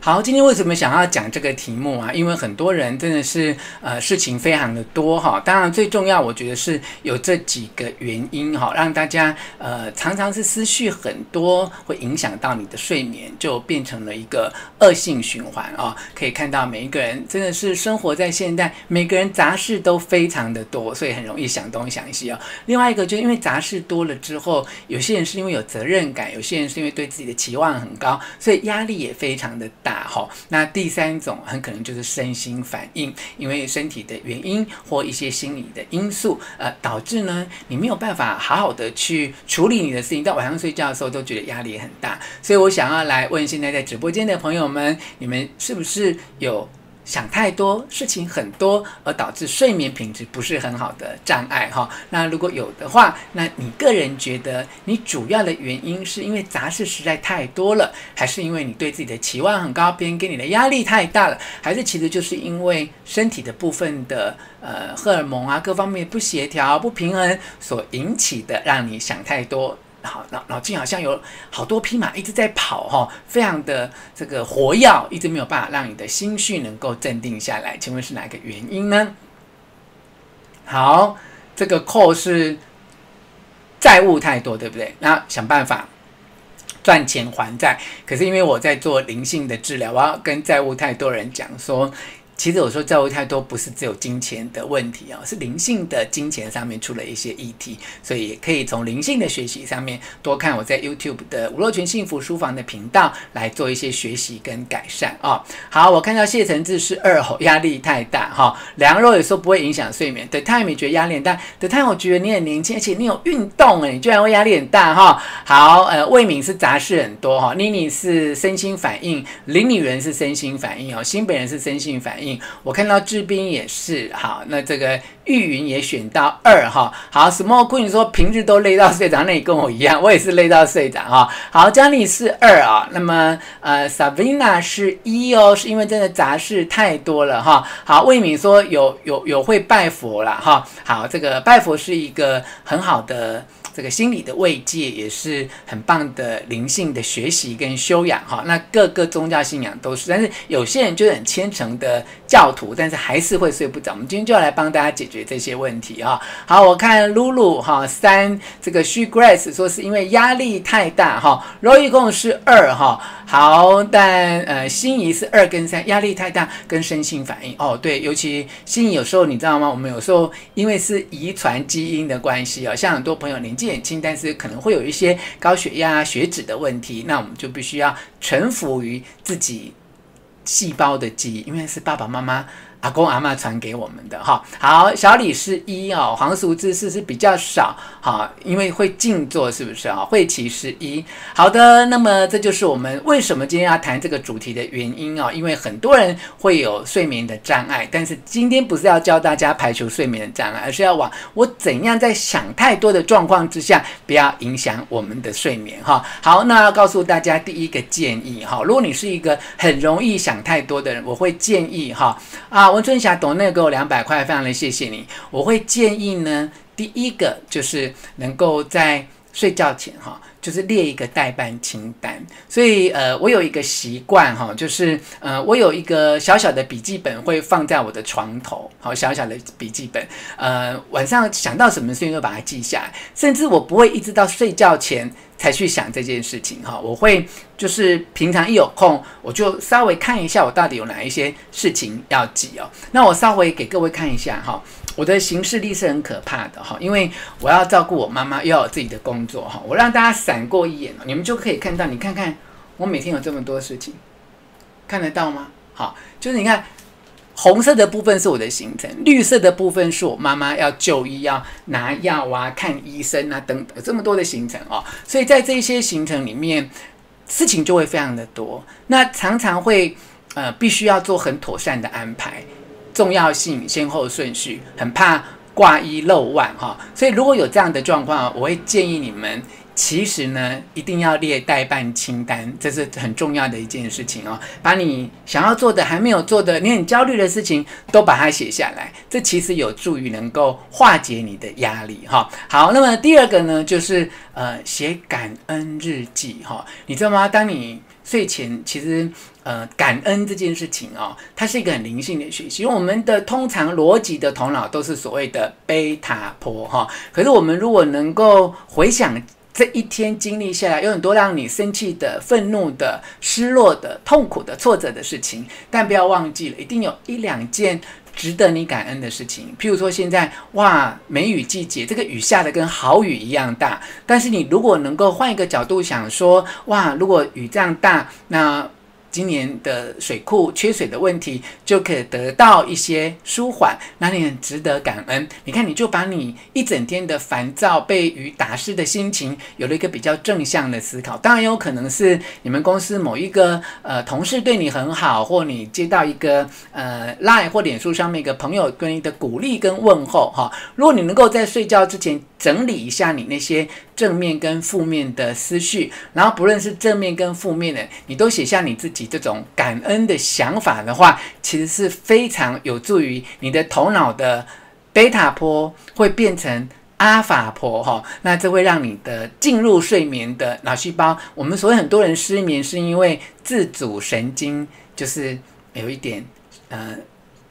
好，今天為什麼想要講這個題目啊？因為很多人真的是呃事情非常的多哈、哦，當然最重要我覺得是有這幾個原因哈、哦，讓大家呃常常是思緒很多，會影響到你的睡眠，就變成了一個惡性循環啊、哦。可以看到每一個人真的是生活在現代，每個人雜事都非常的多，所以很容易想東想西哦，另外一個就是因為雜事多了之後，有些人是因為有責任感，有些人是因為對自己的期望很高，所以壓力也非常的大。好，那第三種很可能就是身心反應，因為身體的原因，或一些心理的因素，呃，導致呢你沒有辦法好好的去處理你的事情，到晚上睡覺的時候都覺得壓力很大。所以我想要來問現在在直播間的朋友們，你們是不是有？想太多，事情很多，而導致睡眠品質不是很好的障礙哈。那如果有的話，那你個人覺得你主要的原因是因為雜事實在太多了，還是因為你對自己的期望很高，別人給你的壓力太大了，還是其實就是因為身體的部分的呃荷爾蒙啊各方面不協調、不平衡所引起的，讓你想太多。腦腦筋好像有好多匹馬一直在跑哈、哦，非常的這個活躍，一直沒有辦法讓你的心緒能夠鎮定下來。請問是哪一個原因呢？好，這個扣是債務太多，對不對？那想辦法賺錢還債。可是因為我在做靈性的治療，我要跟債務太多人講說。其實我說債務太多，不是只有金錢的問題哦，是靈性的金錢上面出了一些議題，所以也可以從靈性的學習上面多看我在 YouTube 的吳若權幸福書房的頻道來做一些學習跟改善哦。好，我看到謝承志是二吼壓力太大哈，梁、哦、若有時候不會影響睡眠，對，他也沒覺得壓力很大，對，他我覺得你很年輕，而且你有運動哎，你居然會壓力很大哈、哦。好，呃，魏敏是雜事很多哈，妮、哦、妮是身心反應，林女人是身心反應哦，新北人是身心反應。我看到志斌也是好，那這個玉云也選到二哈、哦，好 Small Queen 說平日都累到睡着，那你跟我一樣，我也是累到睡着哈。好，江麗是二啊、哦，那麼呃，Savina 是一哦，是因為真的雜事太多了哈、哦。好，魏敏說有有有會拜佛了哈、哦，好，這個拜佛是一個很好的。這個心理的慰藉也是很棒的靈性的學習跟修養哈，那各個宗教信仰都是，但是有些人就很虔誠的教徒，但是還是會睡不着。我們今天就要來幫大家解決這些問題啊。好，我看露露哈三這個 she grace 說是因為壓力太大哈，然後一共是二哈，好，但呃心儀是二跟三，壓力太大跟身心反應哦，對，尤其心儀有時候你知道嗎？我們有時候因為是遺傳基因的關係哦，像很多朋友年紀。年輕，但是可能會有一些高血壓、血脂的問題，那我們就必須要臣服於自己細胞的記憶，因為是爸爸媽媽，阿公阿嬤傳給我們的哈，好，小李是一哦，黃熟姿勢是比較少哈、哦，因為會靜坐，是不是啊、哦？會其實一好的，那麼這就是我們為什麼今天要談這個主題的原因啊、哦，因為很多人會有睡眠的障礙，但是今天不是要教大家排除睡眠的障礙，而是要往我怎樣在想太多的狀況之下，不要影響我們的睡眠哈、哦。好，那要告訴大家第一個建議哈、哦，如果你是一個很容易想太多的人，我會建議哈、哦、啊。溫春霞，董內給我兩百塊，非常的謝謝你。我會建議呢，第一個就是能夠在睡覺前，哈。就是列一個待辦清單，所以呃，我有一個習慣哈、哦，就是呃，我有一個小小的筆記本會放在我的床頭，好、哦、小小的筆記本，呃，晚上想到什麼事情就把它記下來，甚至我不會一直到睡覺前才去想這件事情哈、哦，我會就是平常一有空我就稍微看一下我到底有哪一些事情要記哦，那我稍微給各位看一下哈。哦我的行事曆是很可怕的哈，因為我要照顧我媽媽，又要有自己的工作哈。我讓大家閃過一眼，你們就可以看到，你看看我每天有這麼多事情，看得到嗎？好，就是你看紅色的部分是我的行程，綠色的部分是我媽媽要就醫、要拿藥啊、看醫生啊等等這麼多的行程哦。所以在這些行程裡面，事情就會非常的多，那常常會呃，必須要做很妥善的安排。重要性先後順序，很怕掛一漏萬哈、哦，所以如果有這樣的狀況，我會建議你們，其實呢，一定要列待辦清單，這是很重要的一件事情哦。把你想要做的、還沒有做的、你很焦慮的事情都把它寫下來，這其實有助於能夠化解你的壓力哈、哦。好，那麼第二個呢，就是呃，寫感恩日記哈、哦，你知道嗎？當你睡前其實。呃，感恩這件事情哦，它是一個很靈性的學習。因為我們的通常邏輯的頭腦都是所謂的貝塔波哈、哦。可是我們如果能夠回想這一天經歷下來，有很多讓你生氣的、憤怒的、失落的、痛苦的、挫折的事情，但不要忘記了，一定有一兩件值得你感恩的事情。譬如說現在哇，梅雨季節，這個雨下的跟豪雨一樣大。但是你如果能夠換一個角度想說，哇，如果雨這樣大，那今年的水庫缺水的問題就可以得到一些舒緩，那你很值得感恩。你看，你就把你一整天的煩躁、被雨打濕的心情有了一個比較正向的思考。當然，也有可能是你們公司某一個呃同事對你很好，或你接到一個呃 Line 或臉書上面一個朋友跟你的鼓勵跟問候哈、哦。如果你能夠在睡覺之前，整理一下你那些正面跟負面的思緒，然後不論是正面跟負面的，你都寫下你自己這種感恩的想法的話，其實是非常有助於你的頭腦的貝塔波會變成阿法波，哈、哦，那這會讓你的進入睡眠的腦細胞。我們所以很多人失眠是因為自主神經就是有一點呃。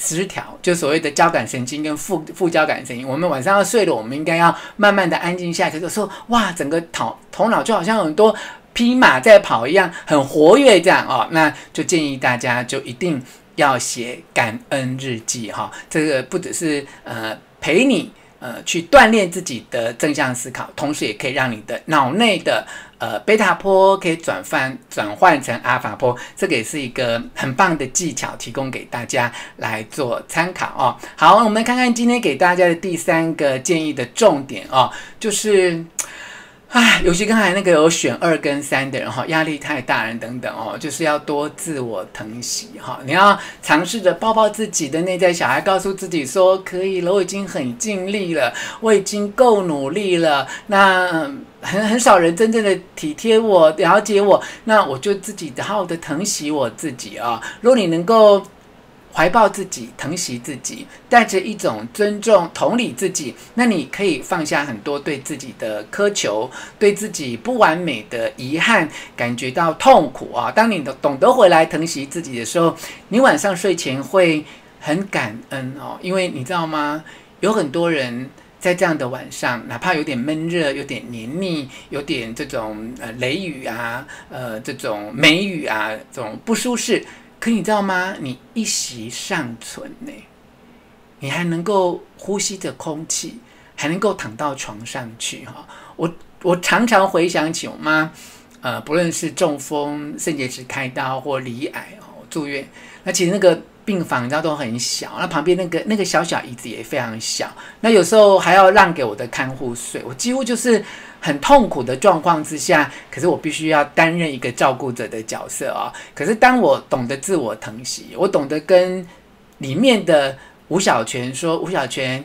失調，就所謂的交感神經跟副副交感神經。我們晚上要睡了，我們應該要慢慢的安靜下來。就是說哇，整個頭頭腦就好像很多匹馬在跑一樣，很活躍這樣哦。那就建議大家就一定要寫感恩日記哈、哦。這個不只是呃陪你。呃，去鍛鍊自己的正向思考，同時也可以讓你的腦內的呃貝塔波可以轉換轉換成阿爾法波，這個也是一個很棒的技巧，提供給大家來做參考哦。好，我們看看今天給大家的第三個建議的重點哦，就是。唉，尤其剛才那個有選二跟三的人哈，壓力太大人等等哦，就是要多自我疼惜哈。你要嘗試着抱抱自己的內在小孩，告訴自己說：可以了，我已經很盡力了，我已經夠努力了。那很很少人真正的體貼我、了解我，那我就自己好好的疼惜我自己啊。如果你能夠。懷抱自己，疼惜自己，帶着一種尊重，同理自己，那你可以放下很多對自己的苛求，對自己不完美的遺憾，感覺到痛苦啊、哦。當你懂懂得回來疼惜自己的時候，你晚上睡前會很感恩哦，因為你知道嗎？有很多人在這樣的晚上，哪怕有點悶熱、有點黏膩、有點這種呃雷雨啊、呃這種梅雨啊，這種不舒適。可你知道嗎？你一息尚存呢、欸，你還能夠呼吸着空氣，還能夠躺到床上去哈、哦。我我常常回想起我媽，呃，不論是中風、腎結石開刀或罹癌哦住院，那其實那個病房你知道都很小，那旁邊那個那個小小椅子也非常小，那有時候還要讓給我的看護睡，我幾乎就是。很痛苦的狀況之下，可是我必須要擔任一個照顧者的角色啊、哦！可是當我懂得自我疼惜，我懂得跟裡面的吳小泉說：“吳小泉，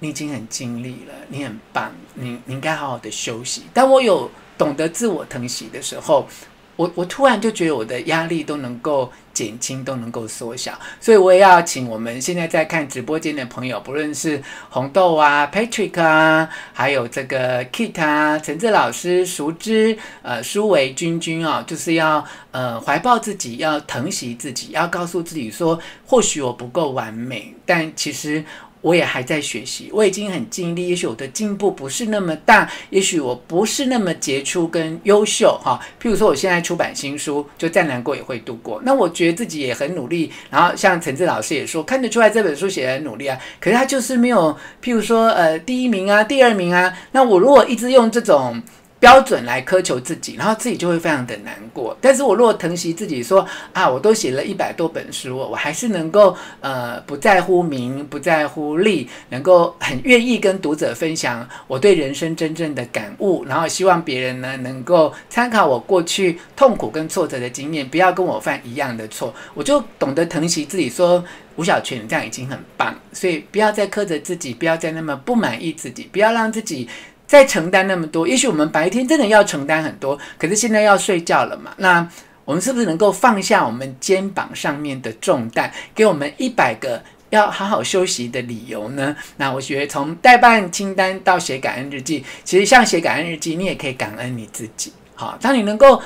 你已經很盡力了，你很棒，你你應該好好的休息。”當我有懂得自我疼惜的時候。我我突然就覺得我的壓力都能夠減輕，都能夠縮小，所以我也要請我們現在在看直播間的朋友，不論是紅豆啊、Patrick 啊，還有這個 Kit 啊、陳志老師、熟知呃、舒維、君君啊，就是要呃懷抱自己，要疼惜自己，要告訴自己說，或許我不夠完美，但其實。我也還在學習，我已經很盡力，也許我的進步不是那麼大，也許我不是那麼傑出跟優秀哈，啊。譬如說，我現在出版新書，就再難過也會度過。那我覺得自己也很努力，然後像陳志老師也說，看得出來這本書寫得很努力啊，可是他就是沒有，譬如說呃，第一名啊、第二名啊。那我如果一直用這種，標準來苛求自己，然後自己就會非常的難過。但是我若疼惜自己說，說啊，我都寫了一百多本書，我還是能夠呃不在乎名，不在乎利，能夠很願意跟讀者分享我對人生真正的感悟，然後希望別人呢能夠參考我過去痛苦跟挫折的經驗，不要跟我犯一樣的錯。我就懂得疼惜自己說，說吳若權，你這樣已經很棒，所以不要再苛責自己，不要再那麼不滿意自己，不要讓自己。再承擔那麼多，也許我們白天真的要承擔很多，可是現在要睡覺了嘛？那我們是不是能夠放下我們肩膀上面的重擔，給我們一百個要好好休息的理由呢？那我覺得，從代辦清單到寫感恩日記，其實像寫感恩日記，你也可以感恩你自己，好、哦，當你能夠。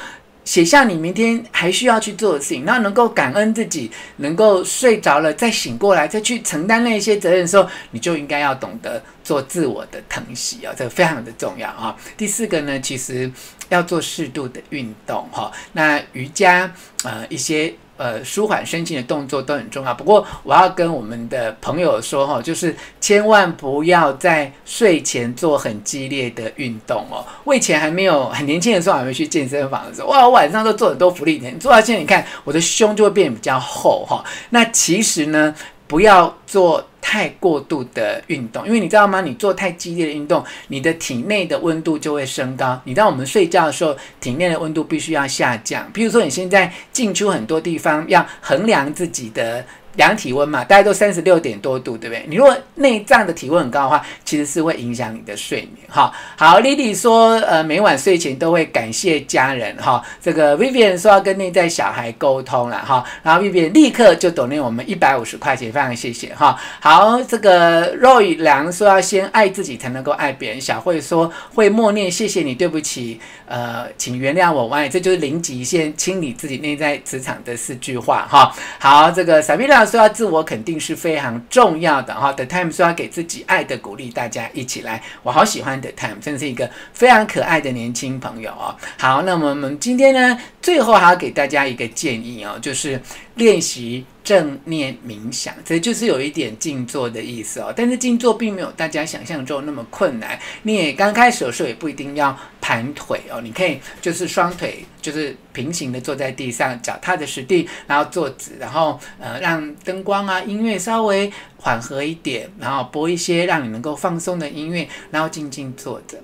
寫下你明天還需要去做的事情，然後能夠感恩自己能夠睡着了再醒過來，再去承擔那些責任的時候，你就應該要懂得做自我的疼惜啊、哦，這個非常的重要啊、哦。第四個呢，其實要做適度的運動哈、哦，那瑜伽呃一些。呃，舒緩身心的動作都很重要。不過，我要跟我們的朋友說哈、哦，就是千萬不要在睡前做很激烈的運動哦。我以前還沒有很年輕的時候，還會去健身房的時候，哇，我晚上都做很多福利。你做到現在，你看我的胸就會變得比較厚哈、哦。那其實呢，不要做。太過度的運動，因為你知道嗎？你做太激烈的運動，你的體內的溫度就會升高。你知道我們睡覺的時候，體內的溫度必須要下降。比如說，你現在進出很多地方，要衡量自己的。量體溫嘛，大概都三十六點多度，對不對？你如果內臟的體溫很高的話，其實是會影響你的睡眠。哈，好，Lily 說，呃，每晚睡前都會感謝家人。哈，這個 Vivian 說要跟內在小孩溝通啦。哈，然後 Vivian 立刻就 donate 我們一百五十塊錢，非常謝謝。哈，好，這個 Roy 良說要先愛自己才能夠愛別人。小慧說會默念謝謝你，對不起，呃，請原諒我。完，這就是零極限清理自己內在磁場的四句話。哈，好，這個 Samira。說到自我肯定是非常重要的哈、哦、，The Time 說要給自己愛的鼓勵，大家一起來，我好喜歡 The Time，真的是一個非常可愛的年輕朋友哦。好，那我們今天呢，最後還要給大家一個建議哦，就是。練習正念冥想，這就是有一點靜坐的意思哦。但是靜坐並沒有大家想象中那麼困難。你也剛開始的時候也不一定要盤腿哦，你可以就是雙腿就是平行的坐在地上，腳踏着實地，然後坐直，然後呃讓燈光啊、音樂稍微緩和一點，然後播一些讓你能夠放鬆的音樂，然後靜靜坐着。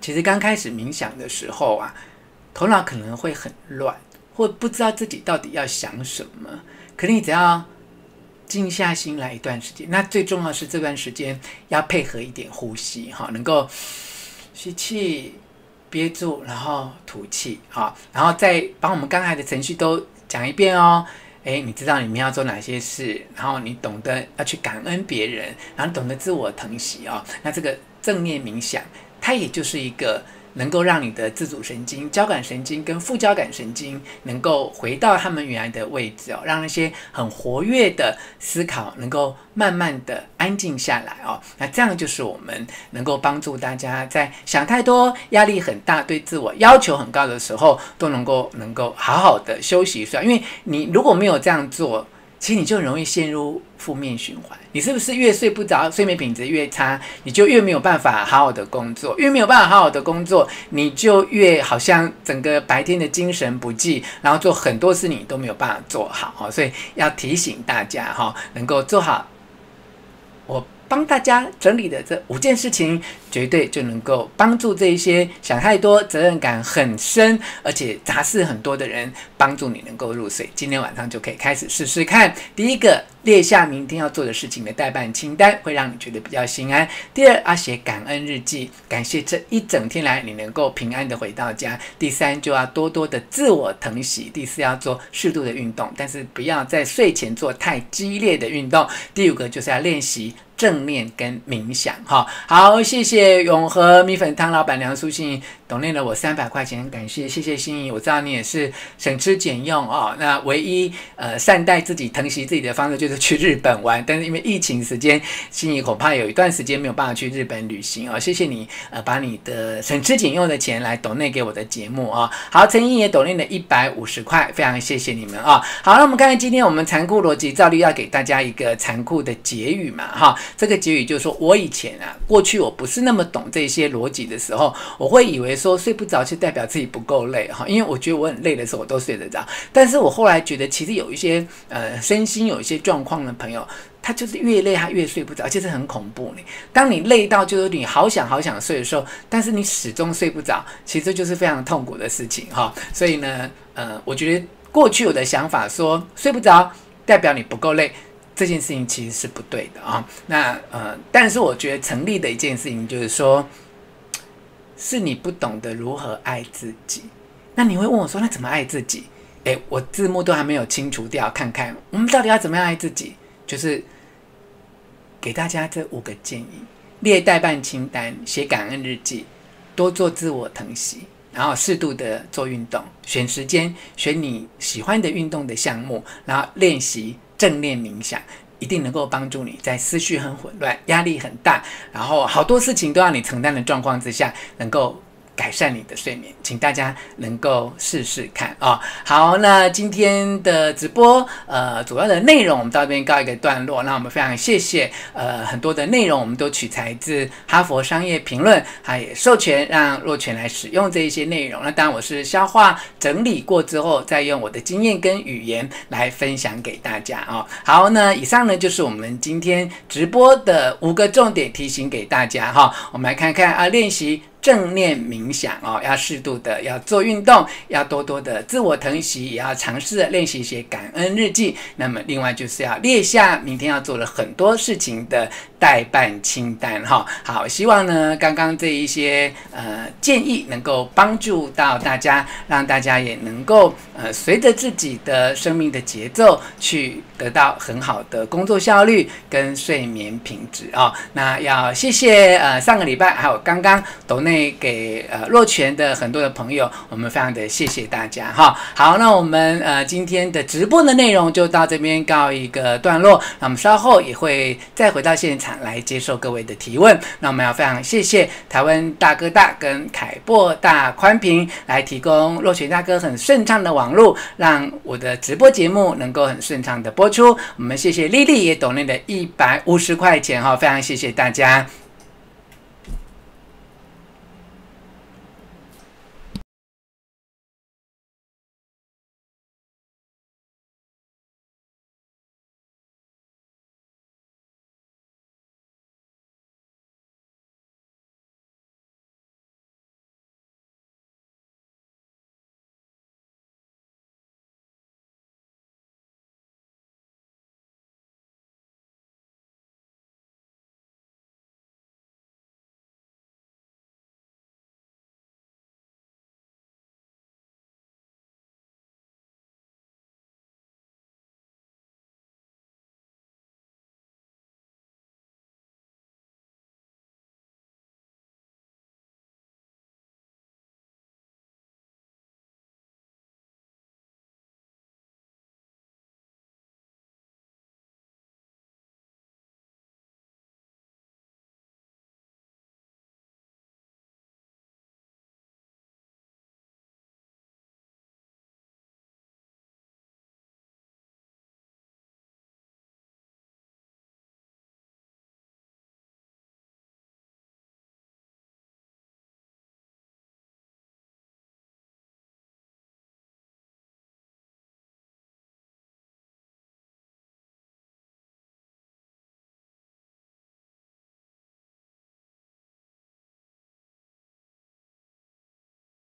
其實剛開始冥想的時候啊，頭腦可能會很亂。或不知道自己到底要想什麼，可能你只要靜下心來一段時間。那最重要是這段時間要配合一點呼吸，哈，能夠吸氣憋住，然後吐氣，好，然後再把我們剛才的程序都講一遍哦。哎，你知道你們要做哪些事，然後你懂得要去感恩別人，然後懂得自我疼惜哦。那這個正念冥想，它也就是一個。能夠讓你的自主神經、交感神經跟副交感神經能夠回到他們原來的位置哦，讓那些很活躍的思考能夠慢慢的安靜下來哦。那這樣就是我們能夠幫助大家在想太多、壓力很大、對自我要求很高的時候，都能夠能夠好好的休息一下。因為你如果沒有這樣做，其實你就容易陷入負面循環，你是不是越睡不着，睡眠品質越差，你就越沒有辦法好好的工作，越沒有辦法好好的工作，你就越好像整個白天的精神不濟，然後做很多事你都沒有辦法做好，所以要提醒大家哈，能夠做好。幫大家整理的這五件事情，絕對就能夠幫助這一些想太多、責任感很深而且雜事很多的人，幫助你能夠入睡。今天晚上就可以開始試試看。第一個，列下明天要做的事情的待辦清單，會讓你覺得比較心安。第二，要寫感恩日記，感謝這一整天來你能夠平安的回到家。第三，就要多多的自我疼惜。第四，要做適度的運動，但是不要在睡前做太激烈的運動。第五個，就是要練習，正面跟冥想，哈、哦、好，謝謝永和米粉湯老闆梁淑信，donate 了我三百塊錢，感謝謝謝心怡。我知道你也是省吃儉用哦。那唯一呃善待自己、疼惜自己的方式就是去日本玩，但是因為疫情時間，心怡恐怕有一段時間沒有辦法去日本旅行哦。謝謝你呃把你的省吃儉用的錢來 donate 給我的節目啊、哦，好，陳怡也 donate 了一百五十塊，非常謝謝你們啊、哦，好，那我們看看今天我們殘酷邏輯照例要給大家一個殘酷的結語嘛，哈、哦。這個結語就是說，我以前啊，過去我不是那麼懂這些邏輯的時候，我會以為說睡不着就代表自己不夠累哈，因為我覺得我很累的時候我都睡得着。但是我後來覺得，其實有一些呃身心有一些狀況的朋友，他就是越累他越睡不着，其實很恐怖。你當你累到就是你好想好想睡的時候，但是你始終睡不着，其實就是非常痛苦的事情哈。所以呢，呃，我覺得過去我的想法說睡不着代表你不夠累。這件事情其實是不對的啊、哦，那呃，但是我覺得成立的一件事情就是說，是你不懂得如何愛自己。那你會問我說，那怎麼愛自己？哎，我字幕都還沒有清除掉，看看我們到底要怎麼樣愛自己？就是給大家這五個建議：列待辦清單，寫感恩日記，多做自我疼惜，然後適度的做運動，選時間，選你喜歡的運動的項目，然後練習。正念冥想一定能夠幫助你在思緒很混亂、壓力很大，然後好多事情都要你承擔的狀況之下，能夠，改善你的睡眠，請大家能夠試試看哦，好，那今天的直播，呃，主要的內容我們到這邊告一個段落。那我們非常謝謝，呃，很多的內容我們都取材自《哈佛商業評論》，還有授權讓若權來使用這一些內容。那當然，我是消化整理過之後，再用我的經驗跟語言來分享給大家哦，好，那以上呢就是我們今天直播的五個重點提醒給大家哈、哦。我們來看看啊，練習。正念冥想哦，要適度的要做運動，要多多的自我疼惜，也要嘗試練習一些感恩日記。那麼，另外就是要列下明天要做的很多事情的。代辦清單哈，好，希望呢，剛剛這一些呃建議能夠幫助到大家，讓大家也能夠呃隨着自己的生命的節奏去得到很好的工作效率跟睡眠品質哦，那要謝謝呃上個禮拜還有剛剛抖內給呃若權的很多的朋友，我們非常的謝謝大家哈、哦。好，那我們呃今天的直播的內容就到這邊告一個段落，那我們稍後也會再回到現場。來接受各位的提問，那我們要非常謝謝台灣大哥大跟凱擘大寬頻來提供若權大哥很順暢的網絡，讓我的直播節目能夠很順暢的播出。我們謝謝麗麗也 donate 了一百五十塊錢哈，非常謝謝大家。